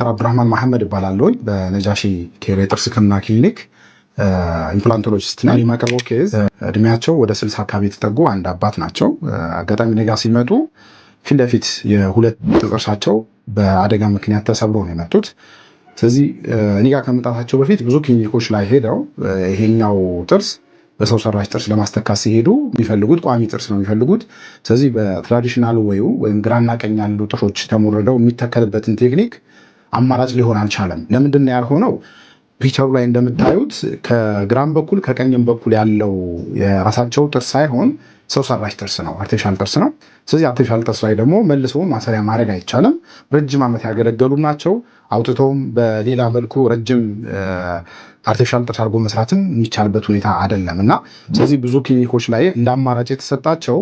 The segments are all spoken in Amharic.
ዶክተር አብዱራህማን መሐመድ እባላለሁኝ በነጃሺ ኬር የጥርስ ክሊኒክ ኢምፕላንቶሎጂስት ነኝ። የማቀርበው ኬዝ እድሜያቸው ወደ ስልሳ አካባቢ የተጠጉ አንድ አባት ናቸው። አጋጣሚ ነጋ ሲመጡ ፊት ለፊት የሁለት ጥርሳቸው በአደጋ ምክንያት ተሰብሮ ነው የመጡት። ስለዚህ እኔ ጋር ከመምጣታቸው በፊት ብዙ ክሊኒኮች ላይ ሄደው ይሄኛው ጥርስ በሰው ሰራሽ ጥርስ ለማስተካት ሲሄዱ የሚፈልጉት ቋሚ ጥርስ ነው የሚፈልጉት። ስለዚህ በትራዲሽናል ወይ ወይም ግራና ቀኝ ያሉ ጥርሶች ተሞርደው የሚተከልበትን ቴክኒክ አማራጭ ሊሆን አልቻለም። ለምንድን ነው ያልሆነው? ፒቸሩ ላይ እንደምታዩት ከግራም በኩል ከቀኝም በኩል ያለው የራሳቸው ጥርስ ሳይሆን ሰው ሰራሽ ጥርስ ነው፣ አርቲፊሻል ጥርስ ነው። ስለዚህ አርቲፊሻል ጥርስ ላይ ደግሞ መልሶ ማሰሪያ ማድረግ አይቻልም። ረጅም ዓመት ያገለገሉ ናቸው። አውጥቶም በሌላ መልኩ ረጅም አርቲፊሻል ጥርስ አድርጎ መስራትም የሚቻልበት ሁኔታ አይደለም እና ስለዚህ ብዙ ክሊኒኮች ላይ እንደ አማራጭ የተሰጣቸው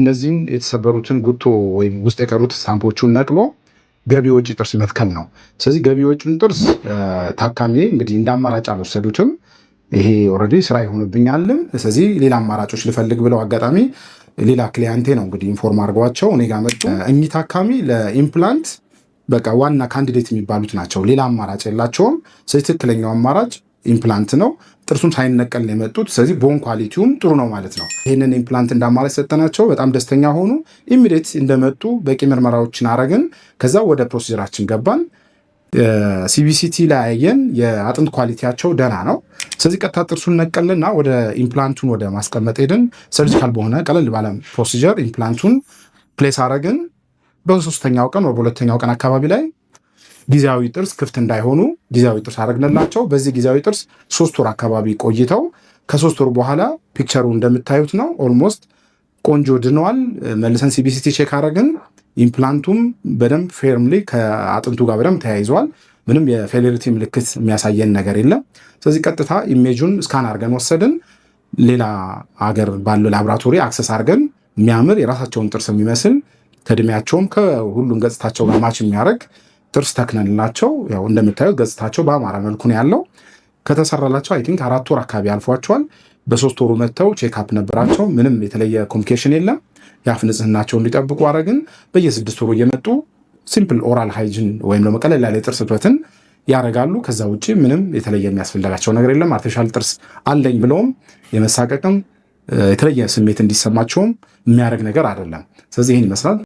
እነዚህን የተሰበሩትን ጉቶ ወይም ውስጥ የቀሩት ሳምፖቹን ነቅሎ ገቢ ወጪ ጥርስ መትከል ነው። ስለዚህ ገቢ ወጪን ጥርስ ታካሚ እንግዲህ እንደ አማራጭ አልወሰዱትም። ይሄ ኦልሬዲ ስራ ይሆንብኛልም፣ ስለዚህ ሌላ አማራጮች ልፈልግ ብለው አጋጣሚ ሌላ ክሊያንቴ ነው እንግዲህ ኢንፎርም አድርጓቸው እኔ ጋር መጡ። እኚህ ታካሚ ለኢምፕላንት በቃ ዋና ካንዲዴት የሚባሉት ናቸው። ሌላ አማራጭ የላቸውም። ስለዚህ ትክክለኛው አማራጭ ኢምፕላንት ነው። ጥርሱም ሳይነቀል የመጡት። ስለዚህ ቦን ኳሊቲውም ጥሩ ነው ማለት ነው። ይህንን ኢምፕላንት እንዳማራጭ ሰጠናቸው። በጣም ደስተኛ ሆኑ። ኢሚዲት እንደመጡ በቂ ምርመራዎችን አረግን። ከዛ ወደ ፕሮሲጀራችን ገባን። ሲቢሲቲ ላይ አየን። የአጥንት ኳሊቲያቸው ደህና ነው። ስለዚህ ቀጥታ ጥርሱን ነቀልና ወደ ኢምፕላንቱን ወደ ማስቀመጥ ሄድን። ሰርጂካል በሆነ ቀለል ባለ ፕሮሲጀር ኢምፕላንቱን ፕሌስ አረግን። በሶስተኛው ቀን በሁለተኛው ቀን አካባቢ ላይ ጊዜያዊ ጥርስ ክፍት እንዳይሆኑ ጊዜያዊ ጥርስ አደረግንላቸው። በዚህ ጊዜያዊ ጥርስ ሶስት ወር አካባቢ ቆይተው ከሶስት ወር በኋላ ፒክቸሩ እንደምታዩት ነው። ኦልሞስት ቆንጆ ድነዋል። መልሰን ሲቢሲቲ ቼክ አደረግን። ኢምፕላንቱም በደንብ ፌርምሊ ከአጥንቱ ጋር በደንብ ተያይዘዋል። ምንም የፌሌሪቲ ምልክት የሚያሳየን ነገር የለም። ስለዚህ ቀጥታ ኢሜጁን ስካን አርገን ወሰድን። ሌላ አገር ባለው ላቦራቶሪ አክሰስ አርገን የሚያምር የራሳቸውን ጥርስ የሚመስል ከእድሜያቸውም ከሁሉም ገጽታቸው ጋር ማች የሚያደርግ ጥርስ ተክነንላቸው ያው እንደምታዩት ገጽታቸው በአማራ መልኩ ነው ያለው። ከተሰራላቸው አይ ቲንክ አራት ወር አካባቢ አልፏቸዋል። በሶስት ወሩ መጥተው ቼክአፕ ነበራቸው። ምንም የተለየ ኮሚኒኬሽን የለም። የአፍ ንጽህናቸው እንዲጠብቁ አረግን። በየስድስት ወሩ እየመጡ ሲምፕል ኦራል ሃይጅን ወይም ደግሞ ቀለል ያለ ብረትን ያደርጋሉ። ከዛ ውጭ ምንም የተለየ የሚያስፈልጋቸው ነገር የለም። አርቲፊሻል ጥርስ አለኝ ብለውም የመሳቀቅም የተለየ ስሜት እንዲሰማቸውም የሚያደርግ ነገር አይደለም። ስለዚህ ይህን ይመስላል።